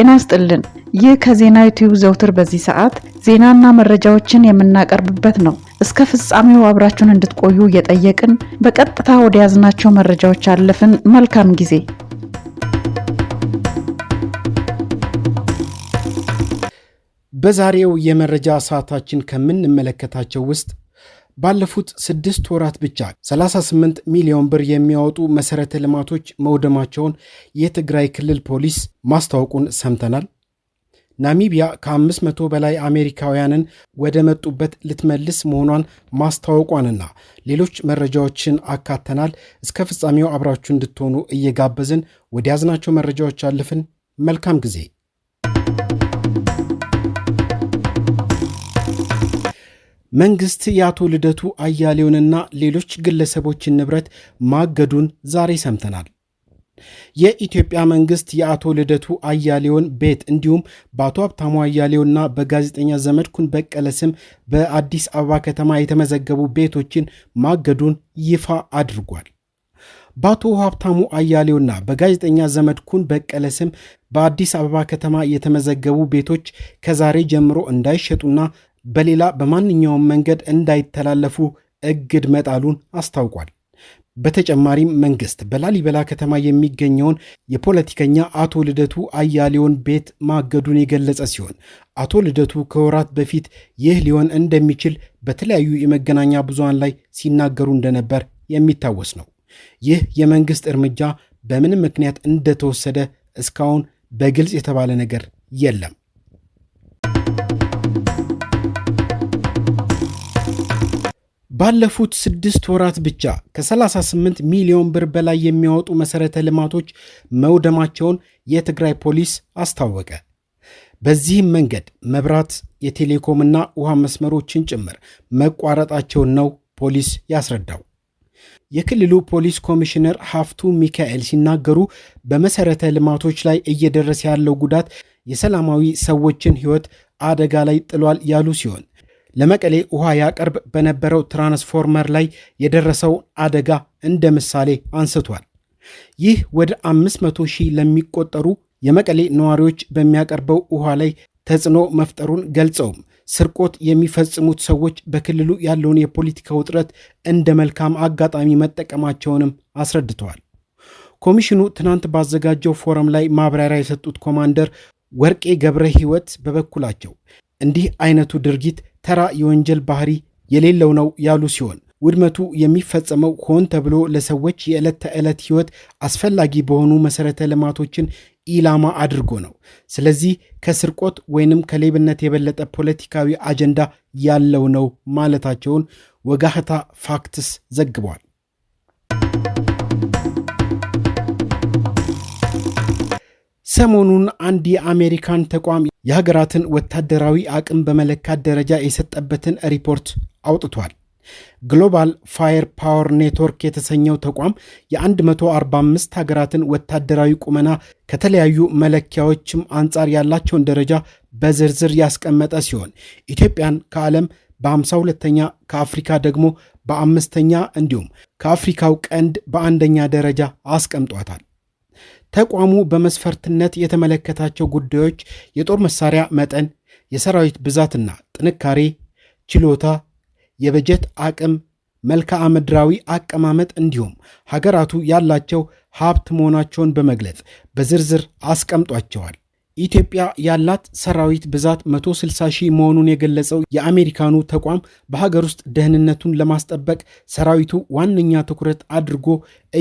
ጤና ይስጥልን። ይህ ከዜና ዩቲዩብ ዘውትር በዚህ ሰዓት ዜናና መረጃዎችን የምናቀርብበት ነው። እስከ ፍጻሜው አብራችሁን እንድትቆዩ እየጠየቅን በቀጥታ ወደ ያዝናቸው መረጃዎች አለፍን። መልካም ጊዜ። በዛሬው የመረጃ ሰዓታችን ከምንመለከታቸው ውስጥ ባለፉት ስድስት ወራት ብቻ 38 ሚሊዮን ብር የሚያወጡ መሰረተ ልማቶች መውደማቸውን የትግራይ ክልል ፖሊስ ማስታወቁን ሰምተናል። ናሚቢያ ከ500 በላይ አሜሪካውያንን ወደ መጡበት ልትመልስ መሆኗን ማስታወቋንና ሌሎች መረጃዎችን አካተናል። እስከ ፍጻሜው አብራችሁ እንድትሆኑ እየጋበዝን ወደ ያዝናቸው መረጃዎች አልፍን። መልካም ጊዜ መንግስት የአቶ ልደቱ አያሌውንና ሌሎች ግለሰቦችን ንብረት ማገዱን ዛሬ ሰምተናል። የኢትዮጵያ መንግስት የአቶ ልደቱ አያሌውን ቤት እንዲሁም በአቶ ሀብታሙ አያሌውና በጋዜጠኛ ዘመድኩን በቀለ ስም በአዲስ አበባ ከተማ የተመዘገቡ ቤቶችን ማገዱን ይፋ አድርጓል። በአቶ ሀብታሙ አያሌውና በጋዜጠኛ ዘመድኩን በቀለ ስም በአዲስ አበባ ከተማ የተመዘገቡ ቤቶች ከዛሬ ጀምሮ እንዳይሸጡና በሌላ በማንኛውም መንገድ እንዳይተላለፉ እግድ መጣሉን አስታውቋል። በተጨማሪም መንግስት በላሊበላ ከተማ የሚገኘውን የፖለቲከኛ አቶ ልደቱ አያሌውን ቤት ማገዱን የገለጸ ሲሆን አቶ ልደቱ ከወራት በፊት ይህ ሊሆን እንደሚችል በተለያዩ የመገናኛ ብዙሃን ላይ ሲናገሩ እንደነበር የሚታወስ ነው። ይህ የመንግስት እርምጃ በምንም ምክንያት እንደተወሰደ እስካሁን በግልጽ የተባለ ነገር የለም። ባለፉት ስድስት ወራት ብቻ ከ38 ሚሊዮን ብር በላይ የሚያወጡ መሠረተ ልማቶች መውደማቸውን የትግራይ ፖሊስ አስታወቀ። በዚህም መንገድ መብራት፣ የቴሌኮምና ውሃ መስመሮችን ጭምር መቋረጣቸውን ነው ፖሊስ ያስረዳው። የክልሉ ፖሊስ ኮሚሽነር ሀፍቱ ሚካኤል ሲናገሩ በመሠረተ ልማቶች ላይ እየደረሰ ያለው ጉዳት የሰላማዊ ሰዎችን ሕይወት አደጋ ላይ ጥሏል ያሉ ሲሆን ለመቀሌ ውሃ ያቀርብ በነበረው ትራንስፎርመር ላይ የደረሰው አደጋ እንደ ምሳሌ አንስቷል። ይህ ወደ 500 ሺህ ለሚቆጠሩ የመቀሌ ነዋሪዎች በሚያቀርበው ውሃ ላይ ተጽዕኖ መፍጠሩን ገልጸውም ስርቆት የሚፈጽሙት ሰዎች በክልሉ ያለውን የፖለቲካ ውጥረት እንደ መልካም አጋጣሚ መጠቀማቸውንም አስረድተዋል። ኮሚሽኑ ትናንት ባዘጋጀው ፎረም ላይ ማብራሪያ የሰጡት ኮማንደር ወርቄ ገብረ ሕይወት በበኩላቸው እንዲህ አይነቱ ድርጊት ተራ የወንጀል ባህሪ የሌለው ነው ያሉ ሲሆን ውድመቱ የሚፈጸመው ሆን ተብሎ ለሰዎች የዕለት ተዕለት ሕይወት አስፈላጊ በሆኑ መሠረተ ልማቶችን ኢላማ አድርጎ ነው። ስለዚህ ከስርቆት ወይንም ከሌብነት የበለጠ ፖለቲካዊ አጀንዳ ያለው ነው ማለታቸውን ወጋህታ ፋክትስ ዘግቧል። ሰሞኑን አንድ የአሜሪካን ተቋም የሀገራትን ወታደራዊ አቅም በመለካት ደረጃ የሰጠበትን ሪፖርት አውጥቷል። ግሎባል ፋየር ፓወር ኔትወርክ የተሰኘው ተቋም የ145 ሀገራትን ወታደራዊ ቁመና ከተለያዩ መለኪያዎችም አንጻር ያላቸውን ደረጃ በዝርዝር ያስቀመጠ ሲሆን ኢትዮጵያን ከዓለም በ52ኛ ከአፍሪካ ደግሞ በአምስተኛ እንዲሁም ከአፍሪካው ቀንድ በአንደኛ ደረጃ አስቀምጧታል። ተቋሙ በመስፈርትነት የተመለከታቸው ጉዳዮች የጦር መሳሪያ መጠን፣ የሰራዊት ብዛትና ጥንካሬ፣ ችሎታ፣ የበጀት አቅም፣ መልክዓ ምድራዊ አቀማመጥ እንዲሁም ሀገራቱ ያላቸው ሀብት መሆናቸውን በመግለጽ በዝርዝር አስቀምጧቸዋል። ኢትዮጵያ ያላት ሰራዊት ብዛት 160 ሺህ መሆኑን የገለጸው የአሜሪካኑ ተቋም በሀገር ውስጥ ደህንነቱን ለማስጠበቅ ሰራዊቱ ዋነኛ ትኩረት አድርጎ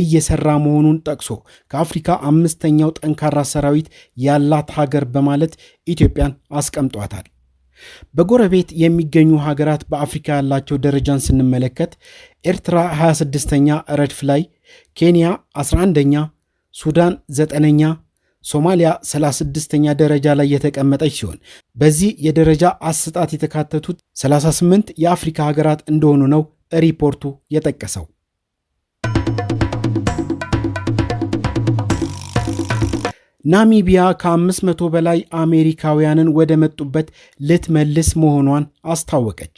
እየሰራ መሆኑን ጠቅሶ ከአፍሪካ አምስተኛው ጠንካራ ሰራዊት ያላት ሀገር በማለት ኢትዮጵያን አስቀምጧታል። በጎረቤት የሚገኙ ሀገራት በአፍሪካ ያላቸው ደረጃን ስንመለከት ኤርትራ 26ኛ ረድፍ ላይ፣ ኬንያ 11ኛ፣ ሱዳን 9ኛ ሶማሊያ 36ኛ ደረጃ ላይ የተቀመጠች ሲሆን በዚህ የደረጃ አስጣት የተካተቱት 38 የአፍሪካ ሀገራት እንደሆኑ ነው ሪፖርቱ የጠቀሰው። ናሚቢያ ከ500 በላይ አሜሪካውያንን ወደ መጡበት ልትመልስ መሆኗን አስታወቀች።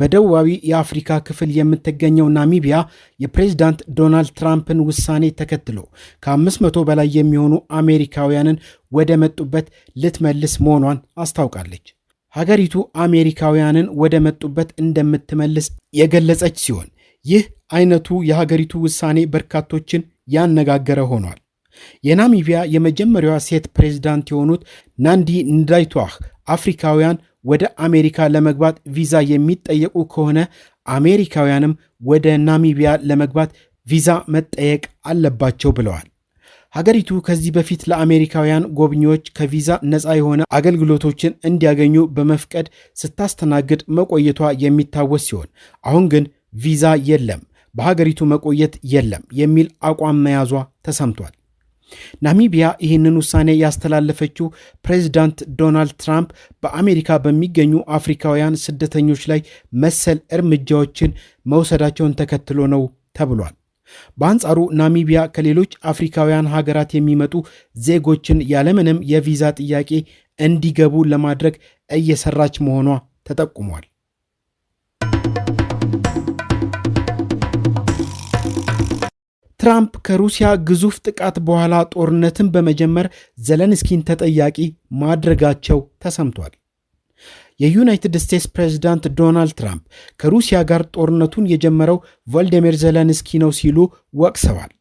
በደቡባዊ የአፍሪካ ክፍል የምትገኘው ናሚቢያ የፕሬዝዳንት ዶናልድ ትራምፕን ውሳኔ ተከትሎ ከ500 በላይ የሚሆኑ አሜሪካውያንን ወደ መጡበት ልትመልስ መሆኗን አስታውቃለች። ሀገሪቱ አሜሪካውያንን ወደ መጡበት እንደምትመልስ የገለጸች ሲሆን ይህ አይነቱ የሀገሪቱ ውሳኔ በርካቶችን ያነጋገረ ሆኗል። የናሚቢያ የመጀመሪያዋ ሴት ፕሬዝዳንት የሆኑት ናንዲ ንዳይቷህ አፍሪካውያን ወደ አሜሪካ ለመግባት ቪዛ የሚጠየቁ ከሆነ አሜሪካውያንም ወደ ናሚቢያ ለመግባት ቪዛ መጠየቅ አለባቸው ብለዋል። ሀገሪቱ ከዚህ በፊት ለአሜሪካውያን ጎብኚዎች ከቪዛ ነፃ የሆነ አገልግሎቶችን እንዲያገኙ በመፍቀድ ስታስተናግድ መቆየቷ የሚታወስ ሲሆን አሁን ግን ቪዛ የለም፣ በሀገሪቱ መቆየት የለም የሚል አቋም መያዟ ተሰምቷል። ናሚቢያ ይህንን ውሳኔ ያስተላለፈችው ፕሬዚዳንት ዶናልድ ትራምፕ በአሜሪካ በሚገኙ አፍሪካውያን ስደተኞች ላይ መሰል እርምጃዎችን መውሰዳቸውን ተከትሎ ነው ተብሏል። በአንጻሩ ናሚቢያ ከሌሎች አፍሪካውያን ሀገራት የሚመጡ ዜጎችን ያለምንም የቪዛ ጥያቄ እንዲገቡ ለማድረግ እየሰራች መሆኗ ተጠቁሟል። ትራምፕ ከሩሲያ ግዙፍ ጥቃት በኋላ ጦርነትን በመጀመር ዘለንስኪን ተጠያቂ ማድረጋቸው ተሰምቷል። የዩናይትድ ስቴትስ ፕሬዚዳንት ዶናልድ ትራምፕ ከሩሲያ ጋር ጦርነቱን የጀመረው ቮልዲሚር ዘለንስኪ ነው ሲሉ ወቅሰዋል።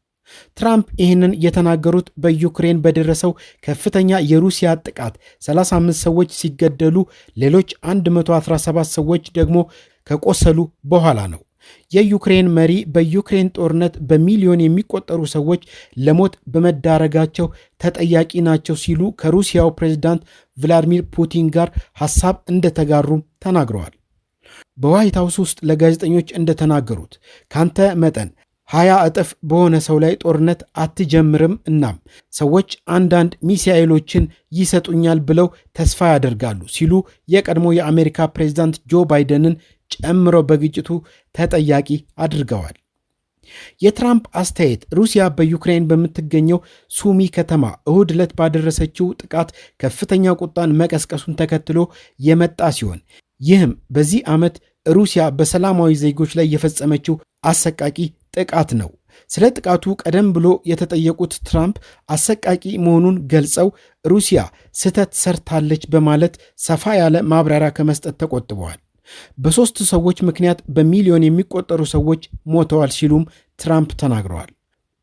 ትራምፕ ይህንን የተናገሩት በዩክሬን በደረሰው ከፍተኛ የሩሲያ ጥቃት 35 ሰዎች ሲገደሉ ሌሎች 117 ሰዎች ደግሞ ከቆሰሉ በኋላ ነው። የዩክሬን መሪ በዩክሬን ጦርነት በሚሊዮን የሚቆጠሩ ሰዎች ለሞት በመዳረጋቸው ተጠያቂ ናቸው ሲሉ ከሩሲያው ፕሬዝዳንት ቭላዲሚር ፑቲን ጋር ሐሳብ እንደተጋሩም ተናግረዋል። በዋይት ሀውስ ውስጥ ለጋዜጠኞች እንደተናገሩት ካንተ መጠን ሀያ እጥፍ በሆነ ሰው ላይ ጦርነት አትጀምርም። እናም ሰዎች አንዳንድ ሚሳኤሎችን ይሰጡኛል ብለው ተስፋ ያደርጋሉ ሲሉ የቀድሞ የአሜሪካ ፕሬዚዳንት ጆ ባይደንን ጨምረው በግጭቱ ተጠያቂ አድርገዋል። የትራምፕ አስተያየት ሩሲያ በዩክሬን በምትገኘው ሱሚ ከተማ እሁድ ዕለት ባደረሰችው ጥቃት ከፍተኛ ቁጣን መቀስቀሱን ተከትሎ የመጣ ሲሆን ይህም በዚህ ዓመት ሩሲያ በሰላማዊ ዜጎች ላይ የፈጸመችው አሰቃቂ ጥቃት ነው። ስለ ጥቃቱ ቀደም ብሎ የተጠየቁት ትራምፕ አሰቃቂ መሆኑን ገልጸው ሩሲያ ስህተት ሰርታለች በማለት ሰፋ ያለ ማብራሪያ ከመስጠት ተቆጥበዋል። በሦስት ሰዎች ምክንያት በሚሊዮን የሚቆጠሩ ሰዎች ሞተዋል ሲሉም ትራምፕ ተናግረዋል።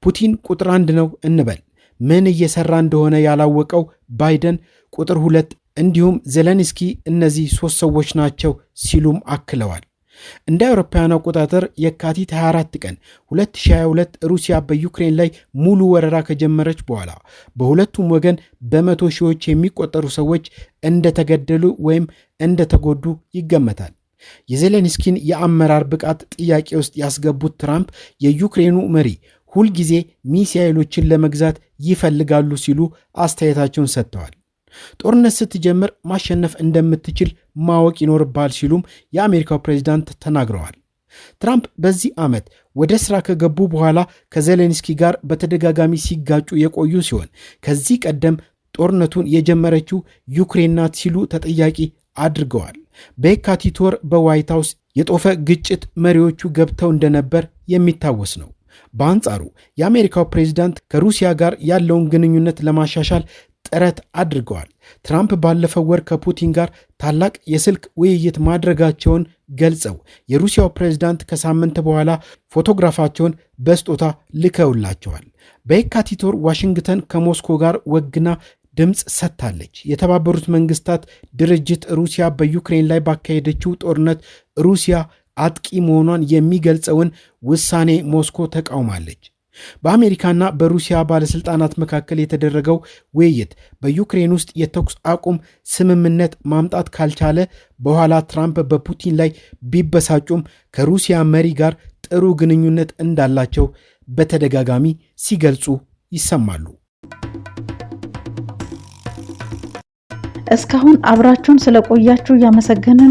ፑቲን ቁጥር አንድ ነው እንበል፣ ምን እየሰራ እንደሆነ ያላወቀው ባይደን ቁጥር ሁለት፣ እንዲሁም ዜሌንስኪ እነዚህ ሦስት ሰዎች ናቸው ሲሉም አክለዋል። እንደ አውሮፓውያን አቆጣጠር የካቲት 24 ቀን 2022 ሩሲያ በዩክሬን ላይ ሙሉ ወረራ ከጀመረች በኋላ በሁለቱም ወገን በመቶ ሺዎች የሚቆጠሩ ሰዎች እንደተገደሉ ወይም እንደተጎዱ ይገመታል። የዜሌንስኪን የአመራር ብቃት ጥያቄ ውስጥ ያስገቡት ትራምፕ የዩክሬኑ መሪ ሁልጊዜ ሚሳይሎችን ለመግዛት ይፈልጋሉ ሲሉ አስተያየታቸውን ሰጥተዋል። ጦርነት ስትጀምር ማሸነፍ እንደምትችል ማወቅ ይኖርባል ሲሉም የአሜሪካው ፕሬዚዳንት ተናግረዋል። ትራምፕ በዚህ ዓመት ወደ ሥራ ከገቡ በኋላ ከዜሌንስኪ ጋር በተደጋጋሚ ሲጋጩ የቆዩ ሲሆን ከዚህ ቀደም ጦርነቱን የጀመረችው ዩክሬን ናት ሲሉ ተጠያቂ አድርገዋል። በየካቲት ወር በዋይት ሀውስ የጦፈ ግጭት መሪዎቹ ገብተው እንደነበር የሚታወስ ነው። በአንጻሩ የአሜሪካው ፕሬዚዳንት ከሩሲያ ጋር ያለውን ግንኙነት ለማሻሻል ጥረት አድርገዋል። ትራምፕ ባለፈው ወር ከፑቲን ጋር ታላቅ የስልክ ውይይት ማድረጋቸውን ገልጸው የሩሲያው ፕሬዝዳንት ከሳምንት በኋላ ፎቶግራፋቸውን በስጦታ ልከውላቸዋል። በየካቲት ወር ዋሽንግተን ከሞስኮ ጋር ወግና ድምፅ ሰጥታለች። የተባበሩት መንግስታት ድርጅት ሩሲያ በዩክሬን ላይ ባካሄደችው ጦርነት ሩሲያ አጥቂ መሆኗን የሚገልጸውን ውሳኔ ሞስኮ ተቃውማለች። በአሜሪካና በሩሲያ ባለስልጣናት መካከል የተደረገው ውይይት በዩክሬን ውስጥ የተኩስ አቁም ስምምነት ማምጣት ካልቻለ በኋላ ትራምፕ በፑቲን ላይ ቢበሳጩም ከሩሲያ መሪ ጋር ጥሩ ግንኙነት እንዳላቸው በተደጋጋሚ ሲገልጹ ይሰማሉ። እስካሁን አብራችሁን ስለቆያችሁ እያመሰገንን